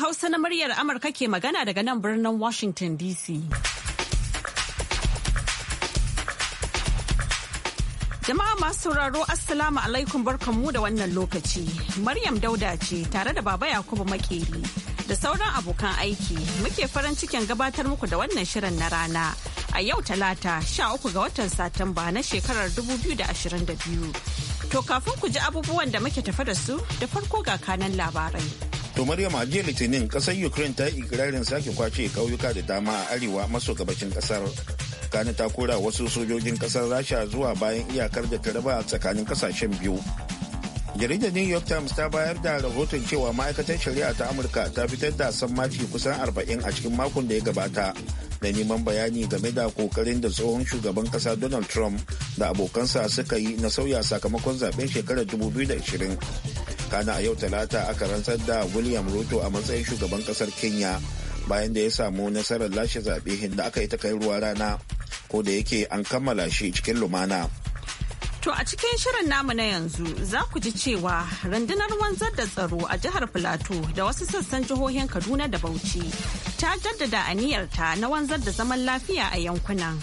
Hausa na muryar Amurka ke magana daga nan birnin Washington DC. Jama'a masu sauraro Assalamu alaikum barkanmu da wannan lokaci. Maryam Dauda ce tare da Baba Yakubu Makeri da sauran abokan aiki muke farin cikin gabatar muku da wannan shirin na rana. A yau talata sha uku ga watan Satumba na shekarar 2022. To kafin ku ji abubuwan da muke tafa da su da farko ga kanan labarai. To Maryam a jiya Litinin kasar Ukraine ta yi ikirarin sake kwace kauyuka da dama a arewa maso gabashin kasar. Kani ta kora wasu sojojin kasar Rasha zuwa bayan iyakar da ta raba tsakanin kasashen biyu. Jaridar New York Times ta bayar da rahoton cewa ma'aikatar shari'a ta Amurka ta fitar da sammaci kusan 40 a cikin makon da ya gabata da neman bayani game da kokarin da tsohon shugaban kasa Donald Trump da abokansa suka yi na sauya sakamakon zaben shekarar 2020. kana a yau talata aka rantsar da william ruto a matsayin shugaban kasar kenya bayan da ya samu nasarar lashe zaɓe da aka yi ta kai ruwa rana ko da yake an kammala shi cikin lumana To a cikin shirin namu na yanzu za ku ji cewa rundunar wanzar da tsaro a jihar Filato da wasu sassan jihohin Kaduna da Bauchi ta jaddada aniyarta na wanzar da zaman lafiya a yankunan.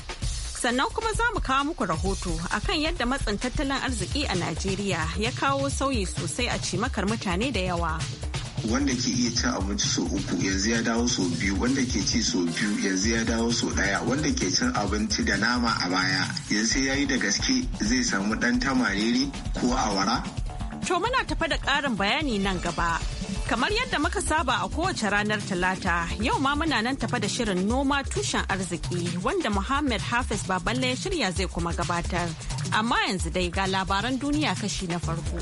sannan kuma za mu kawo muku rahoto akan yadda matsin tattalin arziki a najeriya ya kawo sauyi sosai a cimakar mutane da yawa wanda ke iya cin abinci sau uku yanzu ya dawo sau biyu wanda ke ci sau biyu yanzu ya dawo sau ɗaya wanda ke cin abinci da nama a baya yanzu sai ya yi da gaske zai samu ɗan tamariri ko awara to muna tafa da ƙarin bayani nan gaba Kamar yadda muka saba a kowace ranar Talata, yau ma muna nan tafa da shirin noma tushen arziki wanda Muhammad Hafiz Baballe ya shirya zai kuma gabatar. Amma yanzu dai ga labaran duniya kashi na farko.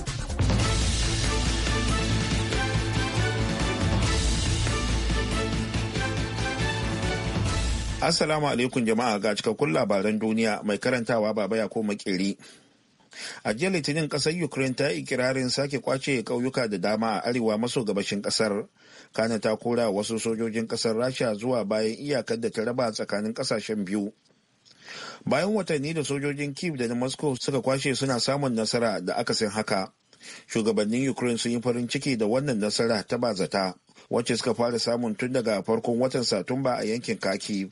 Assalamu alaikum jama'a ga cikakkun labaran duniya mai karantawa baba ya ko makeri. a jiya litinin kasar ukraine ta yi ikirarin sake kwace ƙauyuka da dama a arewa maso gabashin kasar kana ta kora wasu sojojin kasar rasha zuwa bayan iyakar da ta raba tsakanin kasashen biyu bayan watanni da sojojin kiev da na moscow suka kwashe suna samun nasara da aka akasin haka shugabannin ukraine sun yi farin ciki da wannan nasara ta bazata wacce suka fara samun tun daga farkon watan satumba a yankin kaki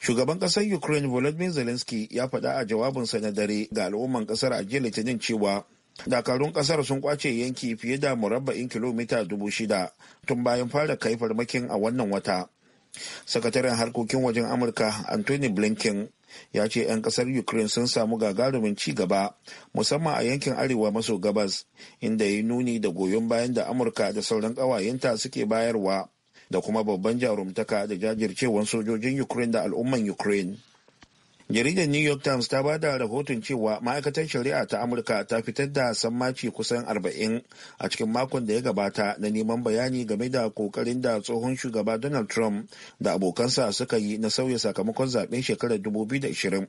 Shugaban ƙasar Ukraine Volodymyr Zelensky ya faɗa a jawabinsa na dare ga al'umman ƙasar a jiya Litinin cewa dakarun ƙasar sun kwace yanki fiye da murabba'in kilomita dubu shida tun bayan fara kai farmakin a wannan wata. Sakataren harkokin wajen Amurka Anthony Blinken ya ce 'yan ƙasar Ukraine sun samu gagarumin ci gaba musamman a yankin arewa maso gabas inda ya nuni da goyon bayan da Amurka da sauran ƙawayenta suke bayarwa da kuma babban jarumtaka da jajircewan sojojin ukraine da al'umman ukraine jaridar new york times ta bada rahoton cewa ma'aikatar shari'a ta amurka ta fitar da sammaci kusan 40 a cikin makon da ya gabata na neman bayani game da kokarin da tsohon shugaba donald trump da abokansa suka yi na sauya sakamakon zaben shekarar 2020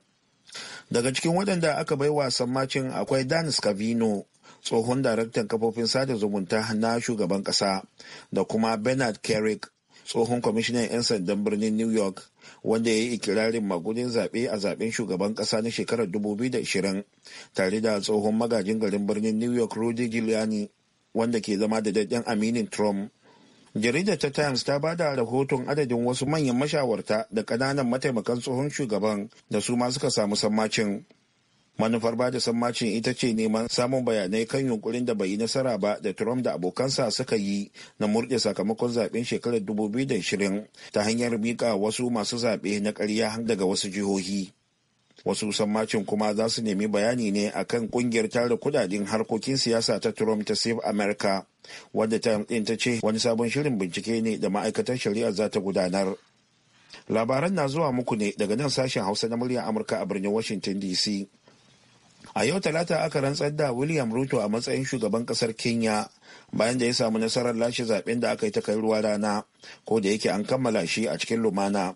daga cikin waɗanda aka baiwa sammacin akwai dan scavino tsohon daraktan kafofin sada zumunta na shugaban kasa da kuma bernard carrick tsohon kwamishinan 'yan sandan birnin new york wanda ya yi ikirarin magudin zaɓe a zaɓen shugaban ƙasa na shekarar 2020 tare da tsohon magajin garin birnin new york rudy giuliani wanda ke zama da daɗin aminin trump jaridar ta times ta ba da rahoton adadin wasu manyan mashawarta da ƙananan mataimakan tsohon shugaban da su ma suka samu sammacin manufar bada da sammacin ita ce neman samun bayanai kan yunkurin da bai yi nasara ba da trump da abokansa suka yi na murɗe sakamakon zaben shekarar 2020 ta hanyar mika wasu masu zaɓe na ƙarya daga wasu jihohi wasu sammacin kuma za su nemi bayani ne akan ƙungiyar tara kudaden harkokin siyasa ta trump ta save america wadda ta ɗin ta ce wani sabon shirin bincike ne da ma'aikatar shari'a za ta gudanar labaran na zuwa muku ne daga nan sashen hausa na murya amurka a birnin washington dc a yau talata aka rantsar da william ruto a matsayin shugaban kasar kenya bayan da ya samu nasarar lashe zaben da aka yi ta kai ruwa rana ko da yake an kammala shi a cikin lumana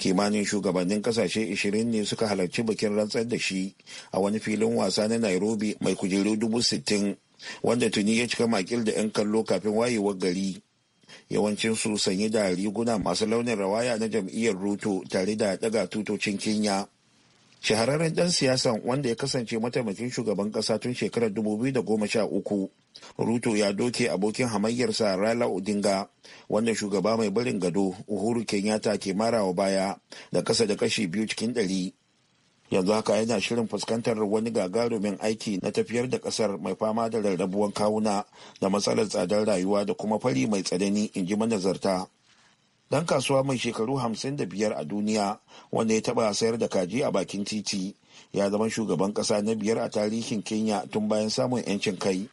kimanin shugabannin kasashe 20 ne suka halarci bikin rantsar da shi a wani filin wasa na nairobi mai kujeru dubu sittin wanda tuni ya cika makil da 'yan kallo kafin wayewar gari yawancinsu sanyi da riguna masu launin rawaya na jam'iyyar ruto tare da daga tutocin kenya shahararren ɗan siyasan wanda ya kasance mataimakin shugaban ƙasa tun shekarar 2013 ruto ya doke abokin hamayyarsa rala odinga wanda shugaba mai barin gado uhuru kenyatta ke marawa baya da kasa da kashi biyu cikin ɗari yanzu haka yana shirin fuskantar wani gagarumin aiki na tafiyar da kasar mai fama da rarrabuwan kawuna da matsalar tsadar rayuwa da kuma fari mai tsanani in ji manazarta dan kasuwa mai shekaru 55 a duniya wanda ya taba sayar da kaji a bakin titi ya zama shugaban kasa na biyar a tarihin kenya tun bayan samun 'yancin kai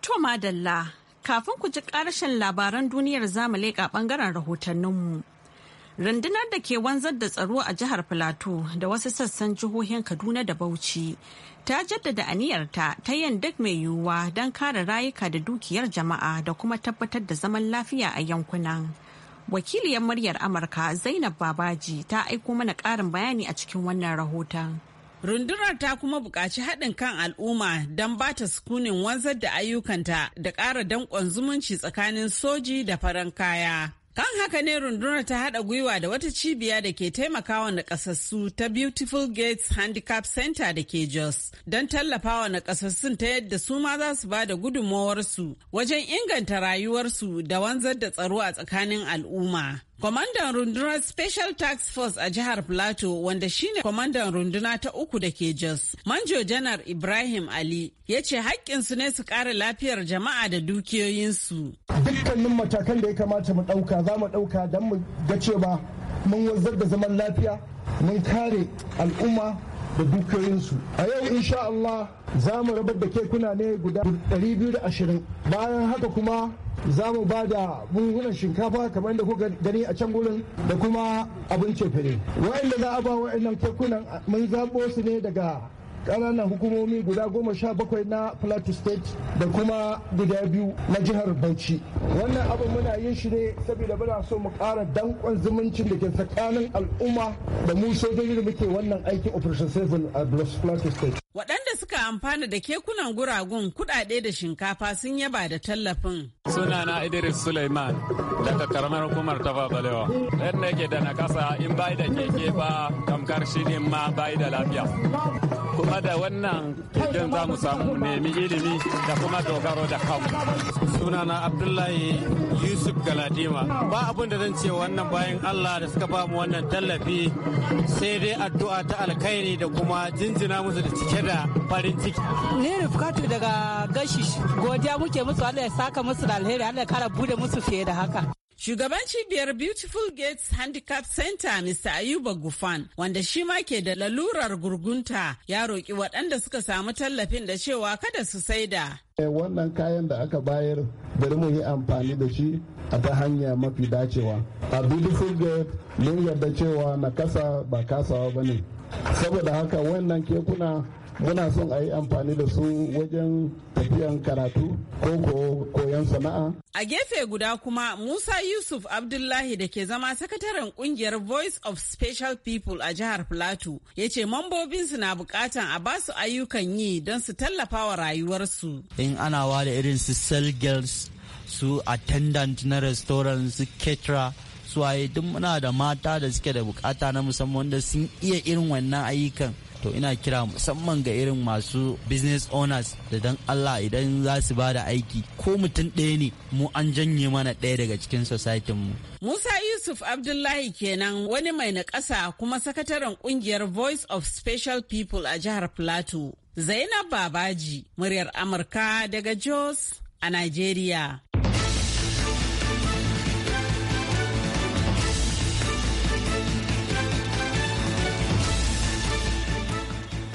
to madalla kafin ku ji karshen labaran duniyar zamu leƙa bangaren rahotanninmu rundunar da ke wanzar da tsaro a jihar plateau da wasu sassan jihohin kaduna da bauchi ta jaddada aniyarta ta yin duk mai yiwuwa don kare rayuka da dukiyar jama'a da kuma tabbatar da zaman lafiya a yankunan wakiliyar muryar amurka zainab babaji ta aiko mana ƙarin bayani a cikin wannan rahoton Rundunar ta kuma buƙaci haɗin kan al'umma don ba ta sukunin wanzar da ayyukanta da ƙara danƙon zumunci tsakanin soji da faran kaya. Kan haka ne rundunar ta haɗa gwiwa da wata cibiya da ke taimakawa nakasassu ta Beautiful Gates Handicap Center da ke Jos don tallafawa nakasassun ta yadda su ma za su ba da gudunmawarsu wajen inganta rayuwarsu da wanzar da tsaro a tsakanin al'umma. Kwamandan rundunar Special Task Force a jihar Plateau wanda shine kwamandan runduna ta uku da ke Jos, Manjo Janar Ibrahim Ali ya ce su ne su kare lafiyar jama'a da dukiyoyinsu. Dukkanin matakan da ya kamata mu ɗauka za mu ɗauka don mu ga cewa mun wanzar da zaman lafiya, mun kare al'umma da dukiyoyinsu a yau insha Allah za mu rabar da kekuna ne guda 220 bayan haka kuma za mu ba da buhunan shinkafa kamar da kuka gani a can gurin da kuma abin cefane wa'anda za a ba wa'annan kekunan mun zaɓo su ne daga ƙananan hukumomi guda goma sha bakwai na plateau state da kuma guda biyu na jihar bauchi wannan abin muna yin shi ne saboda muna so mu ƙara dankon zumuncin da ke tsakanin al'umma da mu sojoji da muke wannan aikin operation seven a plateau state waɗanda suka amfana da kekunan guragun kuɗaɗe da shinkafa sun yaba da tallafin. sunana idris suleiman daga karamar hukumar tafa balewa ɗan da yake da nakasa in bai da keke ba tamkar shi ma bai da lafiya kuma da wannan idan za mu samu nemi ilimi da kuma dogaro da kanmu. sunana abdullahi yusuf galadima ba abin da zan ce wannan bayan allah da suka ba mu wannan tallafi sai dai addu'a ta alkhairi da kuma jinjina musu da cike da farin ciki ni rufkatu daga Gashi godiya muke musu allah ya saka musu da alheri allah ya kara bude musu fiye da haka Shugaban cibiyar Beautiful Gates Handicap Center Mr. Ayuba Gufan wanda shi ma ke da lalurar gurgunta ya roƙi waɗanda suka samu tallafin da cewa kada su saida. Eh, wannan kayan da aka bayar bari mu yi amfani da shi a ta hanya mafi dacewa. A Beautiful Gate mun yarda cewa na kasa ba kasawa ba ne. Saboda haka wannan kekuna muna son a yi amfani da su wajen tafiyan karatu ko koyon sana'a. A gefe guda kuma Musa Yusuf Abdullahi da ke zama sakataren kungiyar Voice of Special People a jihar Plateau ya ce mambobinsu na bukatan a ba su ayyukan yi don su tallafa wa rayuwarsu. In ana wada irin su sell girls, su attendant na restaurant, su ketra su waye duk muna da mata da suke da bukata na musamman da sun iya irin wannan ayyukan. to ina kira musamman ga irin masu business owners da dan Allah idan za su ba da aiki ko mutum ɗaya ne mu an janye mana ɗaya daga cikin society mu. Musa Yusuf Abdullahi kenan wani mai na ƙasa kuma sakataren ƙungiyar Voice of Special People a jihar Plateau. Zainab Babaji, muryar Amurka daga Jos a Nigeria.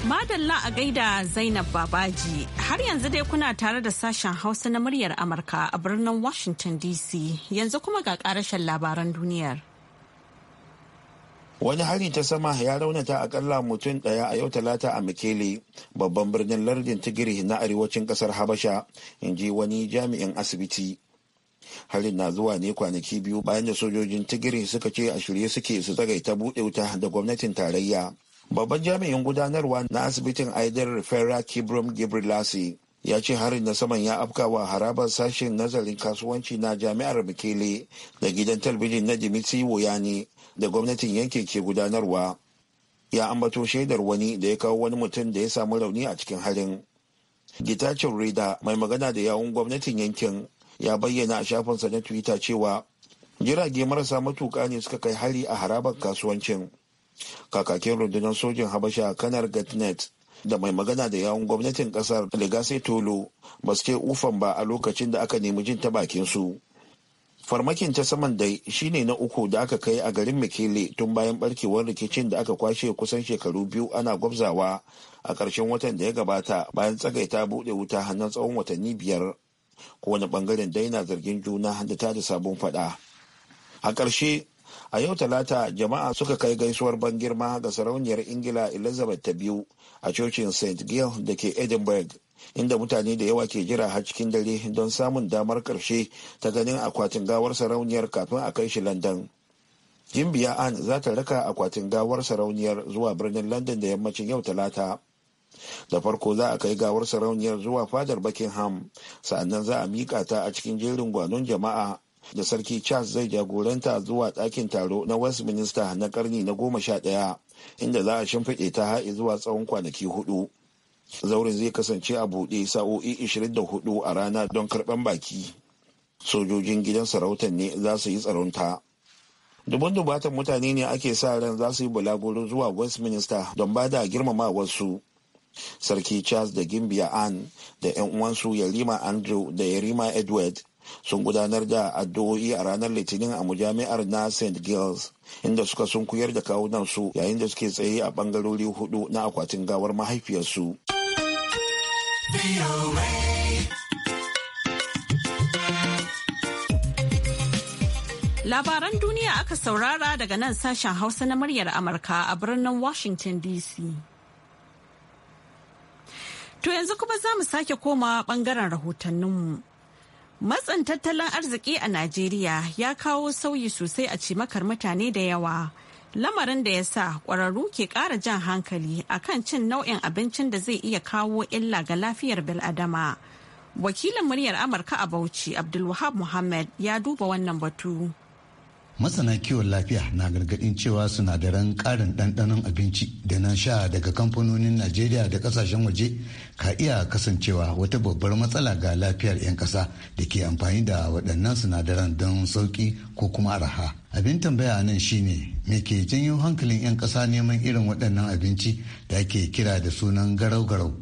Madalla a gaida Zainab Babaji har yanzu dai kuna tare da sashen Hausa na muryar Amurka a birnin Washington DC yanzu kuma ga karashen labaran duniyar. Wani hari ta sama ya raunata akalla mutum ɗaya a yau talata a Mikele babban birnin lardin Tigiri na arewacin ƙasar Habasha in ji wani jami'in asibiti. harin na zuwa ne kwanaki biyu bayan da sojojin tigiri suka ce a shirye suke su tsagaita buɗe wuta da gwamnatin tarayya babban jami'in gudanarwa na asibitin aidar fera kibrom gibrilasi ya ce harin na saman ya afkawa harabar sashen nazarin kasuwanci na jami'ar mikele da gidan talbijin na dimitri woyani da gwamnatin yankin ke gudanarwa ya ambato shaidar wani da ya kawo wani mutum da ya samu rauni a cikin harin gitacin reda mai magana da yawun gwamnatin yankin ya bayyana a shafinsa na twitter cewa jirage marasa matuka ne suka kai hari a harabar kasuwancin kakakin rundunar sojin habasha kanar gatnet da mai magana da yawun gwamnatin kasar legase tolo ba su kai ufan ba a lokacin da aka nemi jin ta bakin su farmakin ta saman dai shine na uku da aka kai a garin mikele tun bayan barkewar rikicin da aka kwashe kusan shekaru biyu ana gwabzawa a ƙarshen watan da ya gabata bayan tsagaita buɗe wuta hannun tsawon watanni biyar kowane bangaren dai na zargin juna da ta da sabon faɗa a ƙarshe a yau talata jama'a suka kai gaisuwar ban girma ga sarauniyar ingila elizabeth ta biyu a cocin st gill da ke edinburgh inda mutane da yawa ke jira har cikin dare don samun damar karshe ta ganin akwatin gawar sarauniyar kafin a kai shi london jimbiya an za ta raka akwatin gawar sarauniyar zuwa birnin london da yammacin yau talata da farko za a kai gawar sarauniyar zuwa fadar buckingham sannan za a miƙa ta a cikin jerin gwanon jama'a da sarki charles zai jagoranta zuwa ɗakin taro na westminster na karni na goma sha ɗaya inda za a shimfiɗe ta haɗe zuwa tsawon kwanaki hudu zaurin zai kasance a buɗe sa'o'i 24 a rana don karɓan baki sojojin gidan sarautar ne za su yi tsaronta dubun dubatan mutane ne ake sa ran za su yi bulaguro zuwa westminster don ba da wasu sarki charles da gimbiya anne da 'yan uwansu yarima andrew da yarima edward sun gudanar da addu'o'i a ranar litinin a mujami'ar na st giles inda suka sunkuyar da kawunan su yayin da suke tsaye a bangarori hudu na akwatin gawar mahaifiyarsu labaran duniya aka saurara daga nan sashen hausa na muryar amurka a birnin washington dc to yanzu kuma za mu sake koma bangaren rahotanninmu Matsin tattalin arziki a Najeriya ya kawo sauyi sosai a cimakar mutane da yawa. Lamarin da ya sa ƙwararru ke ƙara jan hankali a kan cin nau'in abincin da zai iya kawo illa ga lafiyar bil'adama. Wakilin muryar Amurka a Bauchi, Abdulwahab Muhammad ya duba wannan batu. masana kiwon lafiya na gargadin cewa sinadaran karin ɗanɗanon abinci da na sha daga kamfanonin najeriya da ƙasashen waje ka iya kasancewa wata babbar matsala ga lafiyar 'yan ƙasa da ke amfani da waɗannan sinadaran don sauƙi ko kuma araha abin tambaya nan shine me ke janyo hankalin 'yan ƙasa neman irin waɗannan abinci da ake kira da sunan garau-garau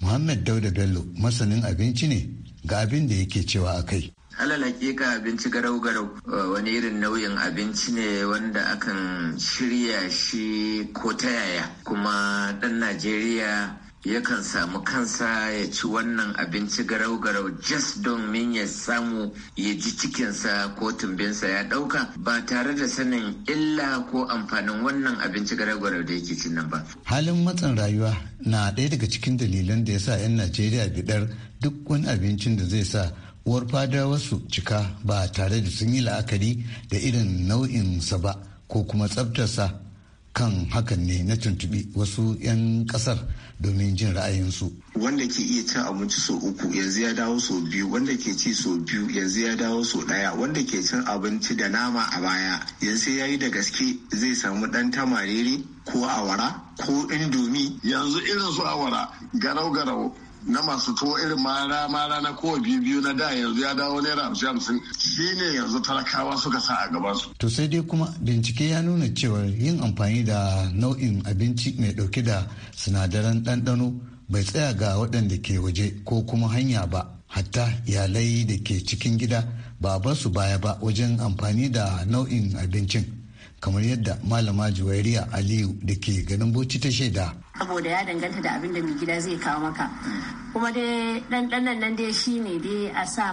muhammad dauda bello masanin abinci ne ga abin da yake cewa a kai alal hakika abinci garau-garau eh, wani irin nau'in abinci ne wanda akan shirya shi ko ta yaya kuma ɗan najeriya yakan samu kansa ya ci wannan abinci garau-garau just domin ya samu ya ji cikinsa ko tumbinsa ya ɗauka ba tare da sanin illa ko amfanin wannan abinci garau-garau da yake cin nan ba. Halin matsin rayuwa na ɗaya daga cikin dalilan da ya sa 'yan Najeriya bidar duk wani abincin da zai sa uwar wasu cika ba tare da sun yi la'akari da irin nau'in nau'insa ba ko kuma tsabtarsa kan hakan ne na tuntubi wasu 'yan kasar domin jin ra'ayinsu. Wanda ke iya cin abinci sau uku yanzu ya dawo sau biyu, wanda ke ci sau biyu yanzu ya dawo sau ɗaya, wanda ke cin abinci da nama a baya yanzu ya yi da gaske zai samu ɗan tamariri ko awara ko indomi. Yanzu irin su awara garau-garau na masu tuwo irin mara mara na kowa biyu biyu na da yanzu ya dawo naira hamsin hamsin ne yanzu talakawa suka sa a gaban su. to sai dai kuma bincike ya nuna cewa yin amfani da nau'in abinci mai dauke da sinadaran ɗanɗano bai tsaya ga waɗanda ke waje ko kuma hanya ba hatta iyalai da ke cikin gida ba ba su baya ba wajen amfani da nau'in abincin kamar yadda malama juwairiya aliyu da ke ganin bauchi ta shaida saboda ya danganta da abin da mai gida zai kawo maka kuma dai ɗanɗanan nan dai shi ne dai a sa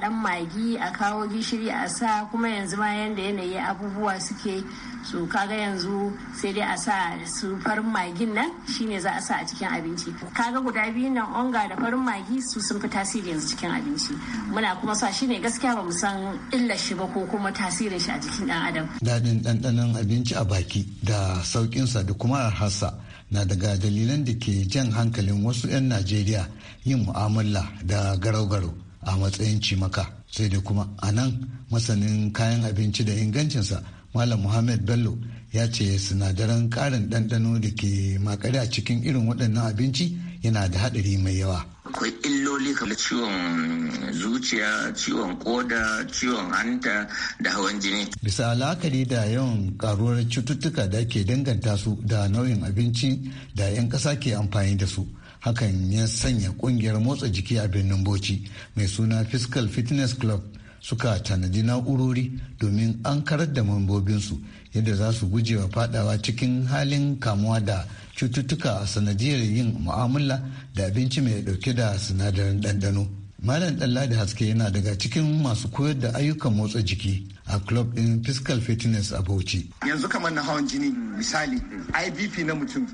ɗan magi a kawo gishiri a sa kuma yanzu ma yanda yanayi abubuwa suke su kaga yanzu sai dai a sa su farin magin nan shi ne za a sa a cikin abinci kaga guda biyu nan onga da farin magi su sun fi tasiri yanzu cikin abinci muna kuma sa shi ne gaskiya ba mu san illar shi ba ko kuma tasirin shi a cikin ɗan adam daɗin ɗanɗanon abinci a baki da sauƙinsa da kuma arharsa na daga dalilan da ke jan hankalin wasu 'yan najeriya yin mu'amala da garau-garau a matsayin cimaka sai dai kuma a nan masanin kayan abinci da ingancinsa malam muhammad bello ya ce sinadaran karin ɗanɗano da ke makare a cikin irin waɗannan abinci yana da haɗari mai yawa akwai illoli kamar ciwon zuciya ciwon koda ciwon hanta da hawan jini bisa la'akari da yawan karuwar cututtuka da ke danganta su da nau'in abinci da 'yan ƙasa ke amfani da su hakan ya sanya kungiyar motsa jiki a birnin bauchi mai suna fiscal fitness club suka tanadi na'urori domin an karar da mambobinsu yadda za su guje wa fadawa cikin halin kamuwa da cututtuka a sanadiyar yin mu'amala da abinci mai dauke da sinadarin ɗanɗano. Malam Ɗalla da Haske yana daga cikin masu koyar da ayyukan motsa jiki a club din fiscal Fitness a Bauchi. Yanzu kamar na hawan jini misali IBP na mutum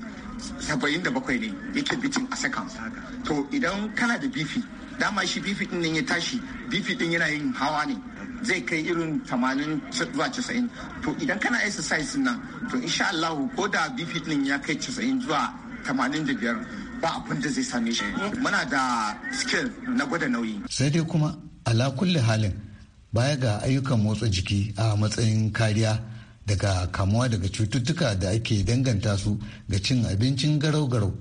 77 ne yake bitin a saka To idan kana da BP dama shi bifi din ya tashi bifi din yana yin hawa ne zai kai irin 80 zuwa 90 to idan kana isa exercise nan to insha Allah ko da bifi din ya kai casa'in zuwa da biyar ba abin da zai same shi muna da skill na gwada nauyi sai dai kuma ala kulli halin baya ga ayyukan motsa jiki a matsayin kariya daga kamuwa daga cututtuka da ake danganta su ga cin abincin garau-garau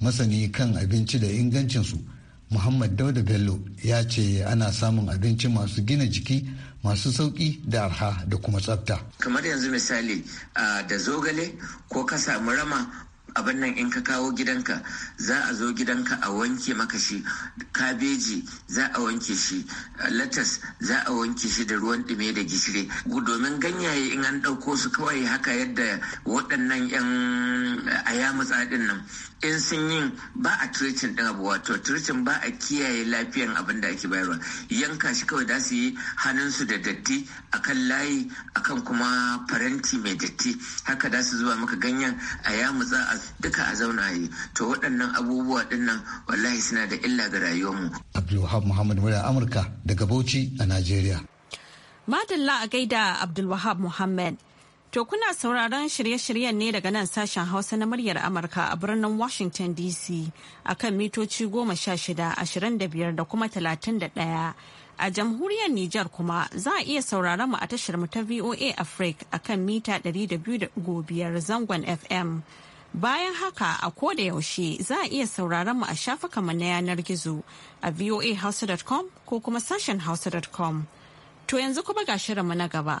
masani kan abinci da ingancinsu muhammad dauda bello ya ce ana samun abinci masu gina jiki masu sauƙi da arha da kuma tsafta kamar yanzu misali da zogale ko ka samu rama abin nan in ka kawo gidanka za a zo gidanka a wanke maka shi kabeji za a wanke shi latas za a wanke shi da ruwan ɗume da gishiri domin ganyaye in an ɗauko su kawai haka yadda waɗannan 'yan ayamu ɗin nan in sun yin ba a tricin din abu wato tricin ba a kiyaye lafiyan abin da ake bayarwa yanka shi kawai da su yi hannunsu da datti akan layi akan kuma faranti mai datti haka da su zuba maka ganyen a yamutsa a duka a zauna yi to waɗannan abubuwa ɗinnan, wallahi suna da illa ga rayuwarmu. Abdulwahab Muhammad Murya Amurka daga Bauchi a Najeriya. Madalla a gaida Abdulwahab Muhammad. To kuna sauraron shirye-shiryen ne daga nan sashen Hausa na muryar Amurka a birnin Washington DC a kan mitoci goma sha shida, ashirin da biyar da kuma talatin da ɗaya. A jamhuriyar Nijar kuma za a iya sauraron mu a tashar mu ta VOA Africa a kan mita ɗari da biyu zangon FM. Bayan haka a koda yaushe za a iya sauraron mu a mu na yanar gizo a voahausa.com ko kuma sashen hausa.com. To yanzu kuma ga shirinmu na gaba.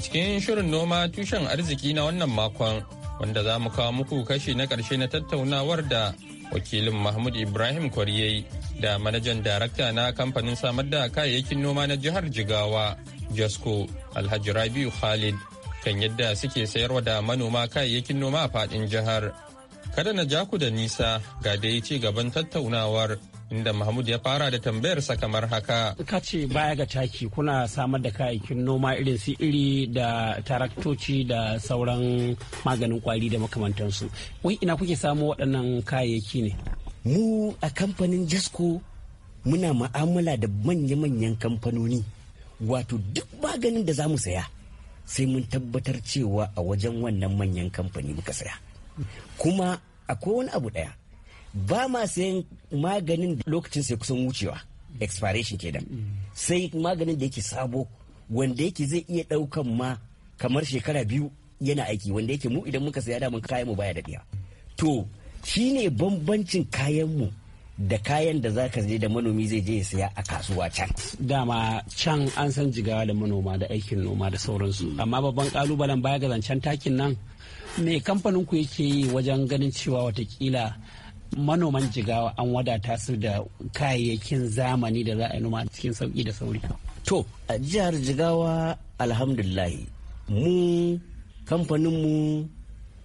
cikin shirin noma tushen arziki na wannan makon wanda za mu kawo muku kashi na ƙarshe na tattaunawar da wakilin mahmud ibrahim kwariyai da manajan darakta na kamfanin samar da kayayyakin noma na jihar jigawa jasko alhaji rabiu khalid kan yadda suke sayarwa da manoma kayayyakin noma a faɗin jihar kada na ja ku da nisa ga dai ci gaban tattaunawar inda Mahmud ya fara da tambayar sa kamar haka. Ka ce baya ga taki kuna samar da kayayyakin noma irin su iri da taraktoci da sauran maganin kwari da makamantansu. Wai ina kuke samu waɗannan kayayyaki ne? Mu a kamfanin Jasko muna ma'amala da manya-manyan kamfanoni. Wato duk maganin da za mu saya sai mun tabbatar cewa a wajen wannan manyan kamfani muka saya. Kuma akwai wani abu ɗaya ba ma sayan maganin lokacin sai kusan wucewa expiration kenan sai maganin da yake sabo wanda yake zai iya daukan ma kamar shekara biyu yana aiki wanda yake mu idan muka saya daman kayan mu baya daɗiya to shine bambancin kayan mu da kayan da za ka je da manomi zai je ya saya a kasuwa can. Dama can an san jigawa da manoma da aikin noma da sauransu. Amma babban kalubalen baya ga zancen takin nan me kamfanin ku yake yi wajen ganin cewa watakila manoman jigawa an wadata su da kayayyakin zamani da za a yi noma cikin sauki da sauri to a jihar jigawa alhamdulillahi mu kamfaninmu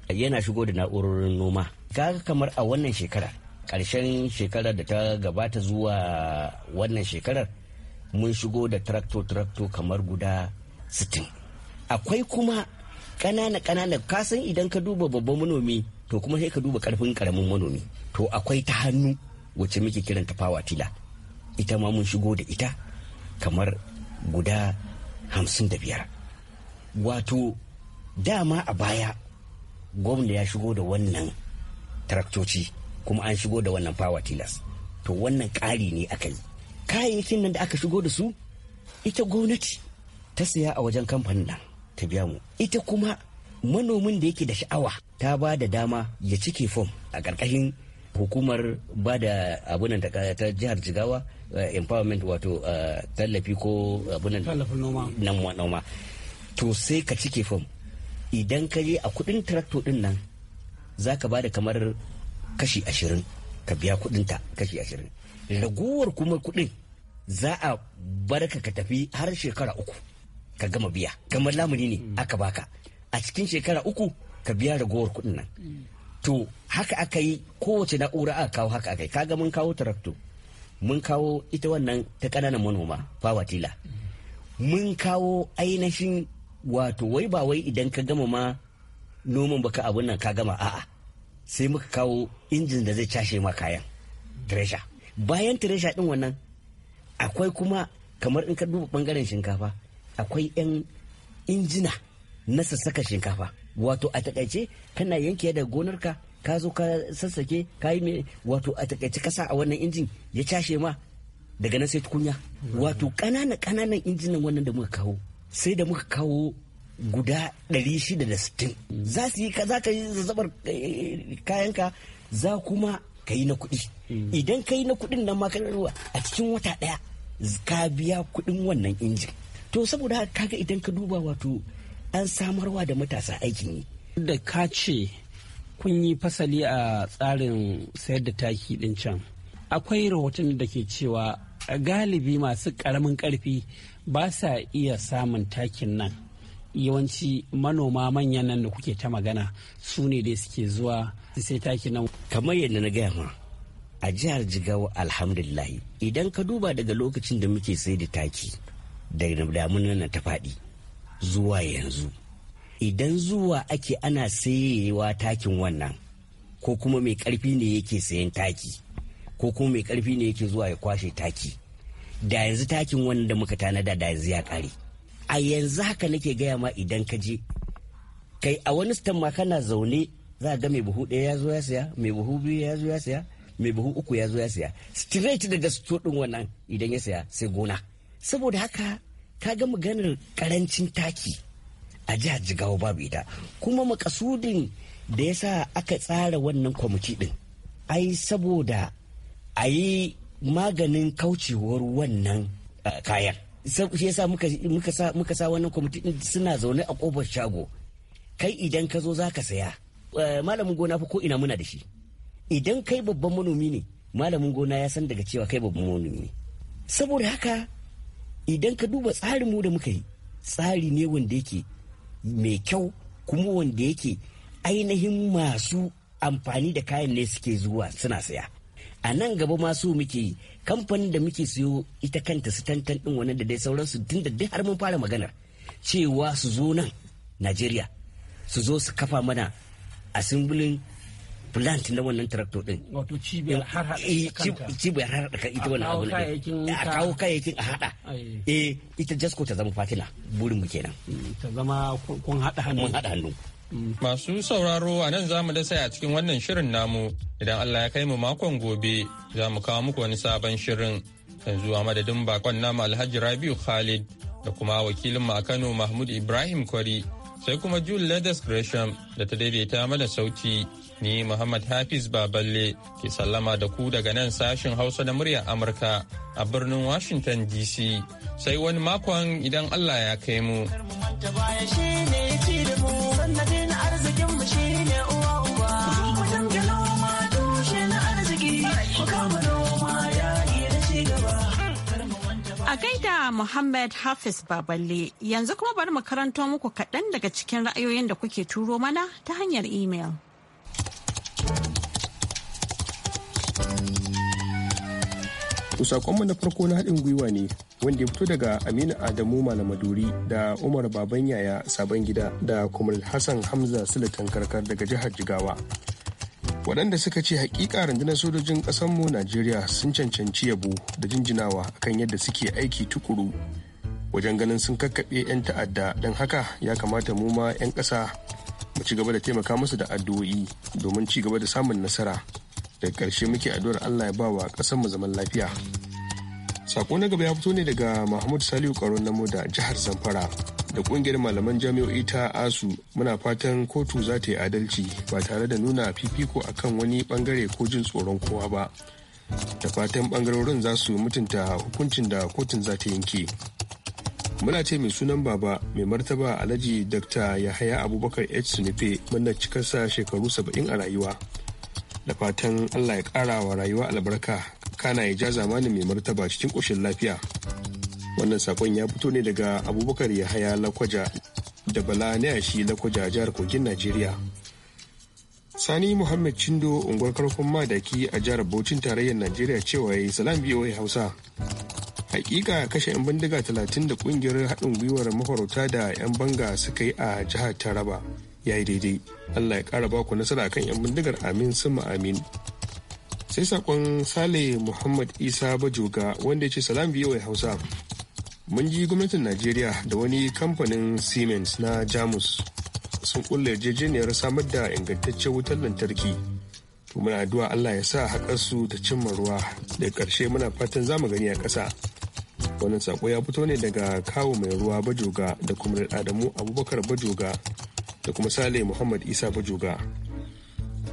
yana shigo da na'urorin noma kaga kamar a wannan shekara ƙarshen shekarar da ta gabata zuwa wannan shekarar mun shigo da trakto-trakto kamar guda 60 akwai kuma ƙanana-ƙanana kasan idan ka duba babban manomi to kuma sai ka duba ƙarfin ƙaramin manomi to akwai ta hannu wacce muke kiranta fawa tila ita ma mun shigo da ita kamar guda hamsin da biyar wato dama a baya gwamna ya shigo da wannan taraktoci kuma an shigo da wannan fawa tilas to wannan ƙari ne aka yi kayayyakin nan da aka shigo da su ita gwamnati ta siya a wajen kamfanin nan ta biya mu ita kuma manomin da yake da sha'awa ta ba da dama ya cike fom a ƙarƙashin hukumar ba da abunan ta jihar jigawa eh, empowerment wato eh, tallafi ko abunan nan noma to sai ka cike fom idan ka je a kudin tarakto din nan za ka kamar kashi ashirin ka biya kudin ta kashi ashirin eh. raguwar kuma kudin za a barka ka tafi har shekara uku ka gama biya kamar lamuni ne mm. aka baka a cikin shekara uku ka biya ragowar kudin nan mm. to haka aka yi kowace na'ura aka kawo haka aka yi kaga mun kawo tarakto mun kawo ita wannan ta kananan manoma fawatila mun kawo ainihin wato wai ba wai idan ka gama ma noman baka abun nan ka gama a'a sai muka kawo injin da zai cashe ma kayan tresha bayan tresha din wannan akwai kuma kamar in ka duba bangaren shinkafa akwai yan injina na sassaka shinkafa wato a takaice kana yanke da gonarka ka zo ka sassake ka yi wato a takaice kasa a wannan injin ya cashe ma daga nan sai tukunya wato ƙananan ƙananan injinan wannan da muka kawo sai da muka kawo guda 660 za su yi za ka yi zazzabar eh, kayanka za kuma ka yi na kuɗi hmm. idan ka yi na kuɗin nan ma a cikin wata ɗaya ka biya kuɗin wannan injin to saboda haka kaga idan ka duba wato an samarwa da matasa aikin yi. Da ka ce kun yi fasali a tsarin sayar da taki din can. Akwai rahoton da ke cewa galibi masu ƙaramin ƙarfi ba sa iya samun takin nan. Yawanci manoma manyan nan da kuke ta magana su ne dai suke zuwa sai takin nan. Kamar yadda na gaya ma a jihar Jigawa alhamdulillah idan ka duba daga lokacin da muke sai da taki da damuna na ta faɗi. zuwa yanzu idan zuwa ake ana sayewa takin wannan ko kuma mai karfi ne yake sayan taki ko kuma mai karfi ne yake zuwa ya kwashe taki da yanzu takin wannan da muka tanada da yanzu ya kare a yanzu haka nake gaya ma idan ka je kai a wani stan ma kana zaune za ga mai buhu ɗaya ya zo ya siya mai buhu biyu ya zo ya siya mai buhu uku ya zo ya siya straight daga sto ɗin wannan idan ya saya sai gona saboda haka ka ga maganar karancin taki a jihar jigawa babu ita kuma makasudin da ya sa aka tsara wannan kwamiti din ai saboda a yi maganin kaucewar wannan kayan shi yasa muka sa wannan kwamiti din suna zaune a kofar shago kai idan ka zo za ka saya malamin gona fa ko ina muna da shi idan kai babban manomi ne malamin gona ya san daga cewa kai babban manomi ne saboda haka idan ka duba tsarin mu da muka yi tsari ne wanda yake mai kyau kuma wanda yake ainihin masu amfani da kayan ne suke zuwa suna saya a nan gaba masu muke yi kamfanin da muke siyo ita kanta su tantan din wannan da dai sauransu tun da dai har mun fara maganar cewa su zo nan najeriya su zo su kafa mana asimbulin plant na wannan tractor din wato cibiyar har hada eh, cibiyar har hada ita wannan abu ne a kawo kayayyakin a hada eh ita jasko ta zama fatina burin mu kenan mm, ta zama kun hada hannu mun hada hannu mm. Masu sauraro a nan za mu da sai a cikin wannan shirin namu idan Allah ya kai mu makon gobe za mu kawo muku wani sabon shirin yanzu a madadin bakon namu Alhaji Rabiu Khalid da kuma wakilin mu a Kano Mahmud Ibrahim Kwari sai kuma Jule Ledes Gresham da ta daidaita mana sauti Ni Muhammad Hafiz Baballe ke sallama da ku daga nan sashin Hausa na muryar Amurka a birnin Washington DC. Sai wani makon idan Allah ya kai mu. Muhammad Hafiz Baballe yanzu kuma bari mu karanto muku kaɗan daga cikin ra'ayoyin da kuke turo mana ta hanyar imel. sakonmu na farko na haɗin gwiwa ne wanda ya fito daga Aminu Adamu Malamaduri da Umar Baban Yaya Sabon Gida da Kumar Hassan Hamza Silatan Karkar daga jihar Jigawa. Waɗanda suka ce hakika rundunar sojojin ƙasarmu Najeriya sun cancanci yabo da jinjinawa akan yadda suke aiki tukuru wajen ganin sun kakkaɓe 'yan ta'adda don haka ya kamata mu ma 'yan ƙasa mu ci gaba da taimaka musu da addu'o'i domin ci gaba da samun nasara. da ƙarshe muke addu'ar Allah ya ba wa ƙasar mu zaman lafiya sako na gaba ya fito ne daga Mahmud Saliu Karon Namo da jihar Zamfara da kungiyar malaman jami'o'i ta asu muna fatan kotu za ta yi adalci ba tare da nuna fifiko akan wani bangare ko jin tsoron kowa ba da fatan bangarorin za su mutunta hukuncin da kotun za ta yanke muna ce mai sunan baba mai martaba alhaji dr yahaya abubakar h sunife muna cikarsa shekaru saba'in a rayuwa da fatan allah ya ƙara wa rayuwa albarka kana ya ja zamanin mai martaba cikin ƙoshin lafiya wannan sakon ya fito ne daga abubakar yahaya lakwaja da bala na yashi lakwaja jihar kogin najeriya sani muhammad Chindo, unguwar karfin madaki a jihar bauchin tarayyar najeriya cewa ya yi salam voa hausa hakika kashe 'yan bindiga talatin da kungiyar haɗin gwiwar mafarauta da 'yan banga suka yi a jihar taraba ya yi daidai allah ya kara baku nasara kan 'yan bindigar amin sun amin sai sakon sale muhammad isa bajoga wanda ya ce salam biyo hausa mun ji gwamnatin najeriya da wani kamfanin siemens na jamus sun kulle yarjejeniyar samar da ingantaccen wutar lantarki to muna addu'a allah ya sa haƙar su ta cimma ruwa da ƙarshe muna fatan za mu gani a ƙasa wannan sako ya fito ne daga kawo mai ruwa bajoga da kuma adamu abubakar bajoga da kuma sale muhammad isa bajoga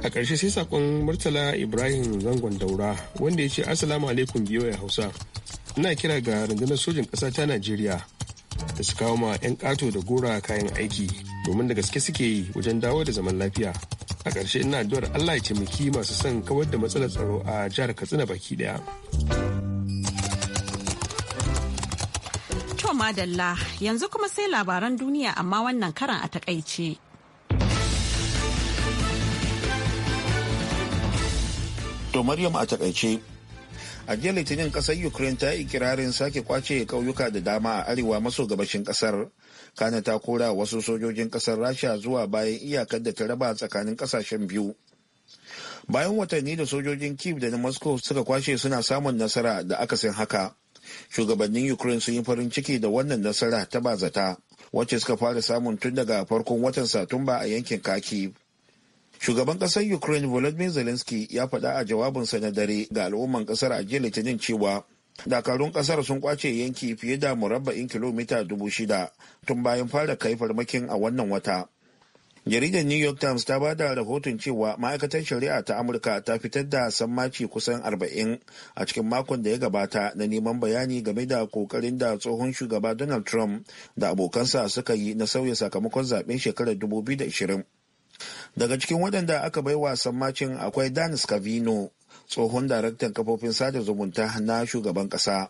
a ƙarshe sai sakon murtala ibrahim zangon daura wanda ya ce assalamu alaikum biyo ya hausa ina kira ga rundunar sojin ƙasa ta najeriya da su kawo ma 'yan ƙato da gora kayan aiki domin da gaske suke yi wajen dawo da zaman lafiya a ƙarshe ina addu'ar allah ya taimaki masu son kawar da matsalar tsaro a jihar katsina baki ɗaya. To madalla yanzu kuma sai labaran duniya amma wannan karan a takaice. To Maryam a takaice. A jiya Litinin kasar Ukraine ta yi ikirarin sake kwace kauyuka da dama a arewa maso gabashin kasar. Kana ta kora wasu sojojin kasar Rasha zuwa bayan iyakar da ta raba tsakanin kasashen biyu. Bayan watanni da sojojin Kiev da na Moscow suka kwashe suna samun nasara da akasin haka. shugabannin ukraine sun yi farin ciki da wannan nasara ta bazata wacce suka fara samun tun daga farkon watan satumba a yankin kaki shugaban kasar ukraine volodymyr zelensky ya faɗa a jawabinsa na dare ga al'umman kasar a jiya litinin cewa dakarun kasar sun kwace yanki fiye da murabba'in kilomita dubu shida tun bayan fara kai farmakin a wannan wata jaridar new york times ta bada rahoton cewa ma'aikatar shari'a ta amurka ta fitar da sammaci kusan 40 a cikin makon da ya gabata na neman bayani game da kokarin da tsohon shugaba donald trump da abokansa suka yi na sauya sakamakon zaben shekarar 2020 daga cikin waɗanda aka bai wa sammacin akwai dan scavino tsohon daraktan kafofin sada zumunta na shugaban ƙasa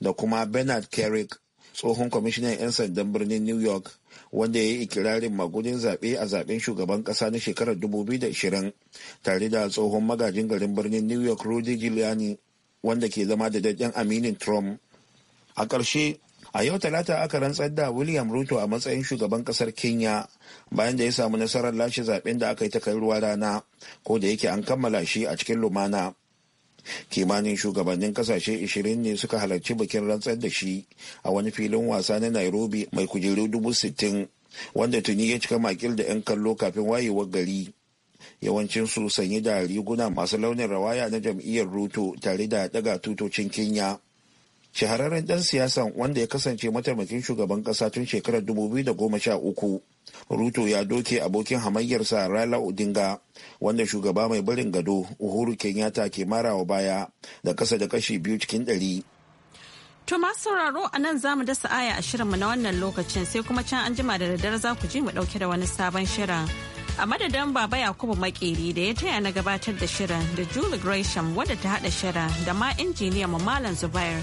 da kuma bernard carrick tsohon kwamishinan 'yan sandan birnin new york wanda ya yi ikirarin magudin zaɓe a zaɓen shugaban ƙasa na shekarar 2020 tare da tsohon magajin garin birnin new york rudy giuliani wanda ke zama da daɗin aminin trump a ƙarshe a yau talata aka rantsar da william ruto a matsayin shugaban ƙasar kenya bayan da ya samu nasarar lashe zaɓen da aka yi ta kai ruwa rana ko da yake an kammala shi a cikin lumana kimanin shugabannin kasashe 20 ne suka halarci bikin rantsar da shi a wani filin wasa na nairobi mai kujeru dubu wanda tuni ya cika makil da 'yan kallo kafin wayewar gari yawancinsu sanyi da riguna masu launin rawaya na jam'iyyar ruto tare da daga tutocin kenya shahararren ɗan siyasan wanda ya kasance mataimakin shugaban ƙasa tun shekarar 2013 ruto ya doke abokin hamayyarsa rala odinga wanda shugaba mai barin gado uhuru kenyatta ke marawa baya da kasa da kashi biyu cikin ɗari To masu sauraro a nan za mu dasa aya a shirinmu na wannan lokacin sai kuma can an jima da daddare za ku ji mu ɗauke da wani sabon shirin. A madadin Baba Yakubu Makeri da ya taya na gabatar da shirin da Julie Gresham wadda ta haɗa shirin da ma injiniya mu Malam Zubair